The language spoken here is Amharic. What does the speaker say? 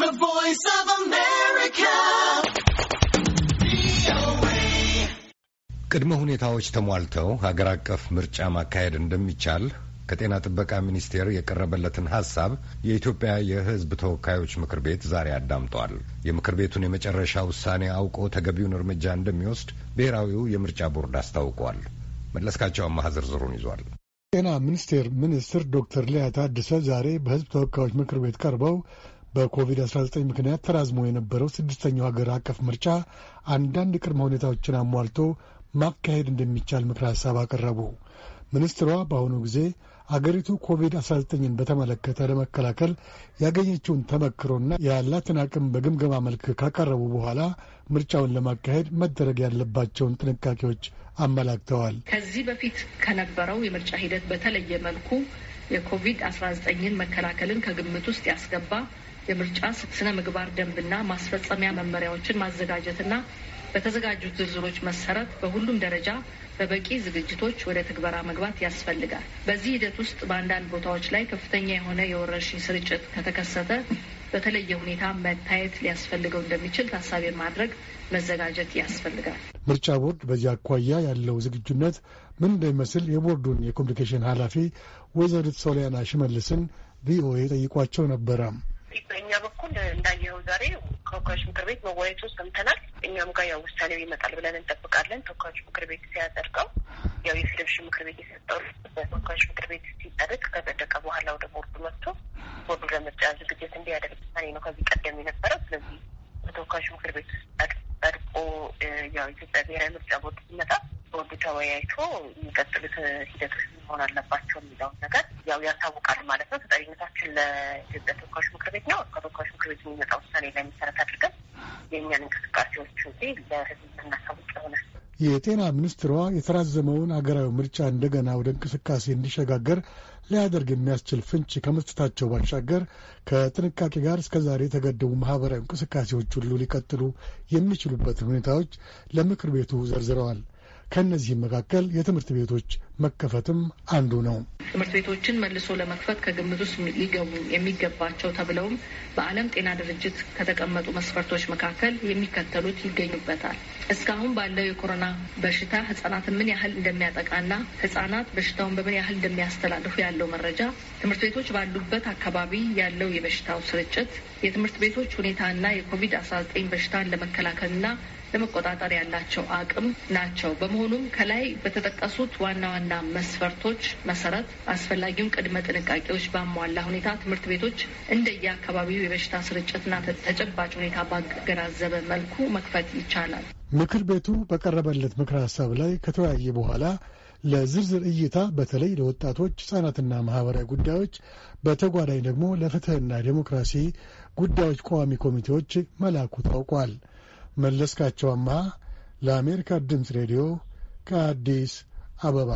The Voice of America. ቅድመ ሁኔታዎች ተሟልተው ሀገር አቀፍ ምርጫ ማካሄድ እንደሚቻል ከጤና ጥበቃ ሚኒስቴር የቀረበለትን ሀሳብ የኢትዮጵያ የሕዝብ ተወካዮች ምክር ቤት ዛሬ አዳምጧል። የምክር ቤቱን የመጨረሻ ውሳኔ አውቆ ተገቢውን እርምጃ እንደሚወስድ ብሔራዊው የምርጫ ቦርድ አስታውቋል። መለስካቸው አማሃ ዝርዝሩን ይዟል። ጤና ሚኒስቴር ሚኒስትር ዶክተር ሊያ ታደሰ ዛሬ በሕዝብ ተወካዮች ምክር ቤት ቀርበው በኮቪድ-19 ምክንያት ተራዝሞ የነበረው ስድስተኛው ሀገር አቀፍ ምርጫ አንዳንድ ቅድመ ሁኔታዎችን አሟልቶ ማካሄድ እንደሚቻል ምክር ሀሳብ አቀረቡ። ሚኒስትሯ በአሁኑ ጊዜ አገሪቱ ኮቪድ-19ን በተመለከተ ለመከላከል ያገኘችውን ተመክሮና ያላትን አቅም በግምገማ መልክ ካቀረቡ በኋላ ምርጫውን ለማካሄድ መደረግ ያለባቸውን ጥንቃቄዎች አመላክተዋል። ከዚህ በፊት ከነበረው የምርጫ ሂደት በተለየ መልኩ የኮቪድ-19ን መከላከልን ከግምት ውስጥ ያስገባ የምርጫ ስነ ምግባር ደንብና ማስፈጸሚያ መመሪያዎችን ማዘጋጀትና በተዘጋጁት ዝርዝሮች መሰረት በሁሉም ደረጃ በበቂ ዝግጅቶች ወደ ትግበራ መግባት ያስፈልጋል። በዚህ ሂደት ውስጥ በአንዳንድ ቦታዎች ላይ ከፍተኛ የሆነ የወረርሽኝ ስርጭት ከተከሰተ በተለየ ሁኔታ መታየት ሊያስፈልገው እንደሚችል ታሳቢ ማድረግ መዘጋጀት ያስፈልጋል። ምርጫ ቦርድ በዚህ አኳያ ያለው ዝግጁነት ምን እንደሚመስል የቦርዱን የኮሚኒኬሽን ኃላፊ ወይዘሪት ሶሊያና ሽመልስን ቪኦኤ ጠይቋቸው ነበረ። እንግዲህ በእኛ በኩል እንዳየው ዛሬ ተወካዮች ምክር ቤት መወያየቱ ሰምተናል። እኛም ጋር ያው ውሳኔው ይመጣል ብለን እንጠብቃለን። ተወካዮች ምክር ቤት ሲያጸድቀው ያው የፌዴሬሽን ምክር ቤት የሰጠው በተወካዮች ምክር ቤት ሲጸድቅ ከጸደቀ በኋላ ወደ ቦርዱ መጥቶ ቦርዱ ለምርጫ ዝግጅት እንዲያደርግ ውሳኔ ነው ከዚህ ቀደም የነበረው። ስለዚህ በተወካዮች ምክር ቤት ውስጥ ጸድቆ ያው ኢትዮጵያ ብሔራዊ ምርጫ ቦርድ ሲመጣ ቦርድ ተወያይቶ የሚቀጥሉት ሂደቶች መሆን አለባቸው የሚለውን ነገር ያው ያሳውቃል ማለት ነው። ተጠሪነታችን ለኢትዮጵያ ተወካዮች ምክር ቤት ነው። ከተወካዮች ምክር ቤት የሚመጣ ውሳኔ ላይ መሰረት አድርገን የእኛን እንቅስቃሴዎች እንጂ ለህዝብ እናሳውቅ ይሆናል። የጤና ሚኒስትሯ የተራዘመውን አገራዊ ምርጫ እንደገና ወደ እንቅስቃሴ እንዲሸጋገር ሊያደርግ የሚያስችል ፍንጭ ከመስጠታቸው ባሻገር ከጥንቃቄ ጋር እስከዛሬ የተገደቡ ማህበራዊ እንቅስቃሴዎች ሁሉ ሊቀጥሉ የሚችሉበትን ሁኔታዎች ለምክር ቤቱ ዘርዝረዋል። ከእነዚህም መካከል የትምህርት ቤቶች መከፈትም አንዱ ነው። ትምህርት ቤቶችን መልሶ ለመክፈት ከግምት ውስጥ ሊገቡ የሚገባቸው ተብለውም በዓለም ጤና ድርጅት ከተቀመጡ መስፈርቶች መካከል የሚከተሉት ይገኙበታል። እስካሁን ባለው የኮሮና በሽታ ህጻናትን ምን ያህል እንደሚያጠቃና ህጻናት በሽታውን በምን ያህል እንደሚያስተላልፉ ያለው መረጃ፣ ትምህርት ቤቶች ባሉበት አካባቢ ያለው የበሽታው ስርጭት፣ የትምህርት ቤቶች ሁኔታና የኮቪድ አስራ ዘጠኝ በሽታን ለመከላከልና ለመቆጣጠር ያላቸው አቅም ናቸው። በመሆኑም ከላይ በተጠቀሱት ዋና ዋና መስፈርቶች መሰረት አስፈላጊውን ቅድመ ጥንቃቄዎች ባሟላ ሁኔታ ትምህርት ቤቶች እንደየአካባቢው የበሽታ ስርጭትና ተጨባጭ ሁኔታ ባገናዘበ መልኩ መክፈት ይቻላል። ምክር ቤቱ በቀረበለት ምክር ሀሳብ ላይ ከተወያየ በኋላ ለዝርዝር እይታ በተለይ ለወጣቶች ሕጻናትና ማህበራዊ ጉዳዮች በተጓዳኝ ደግሞ ለፍትህና ዴሞክራሲ ጉዳዮች ቋሚ ኮሚቴዎች መላኩ ታውቋል። መለስካቸው አማሃ ለአሜሪካ ድምፅ ሬዲዮ ከአዲስ አበባ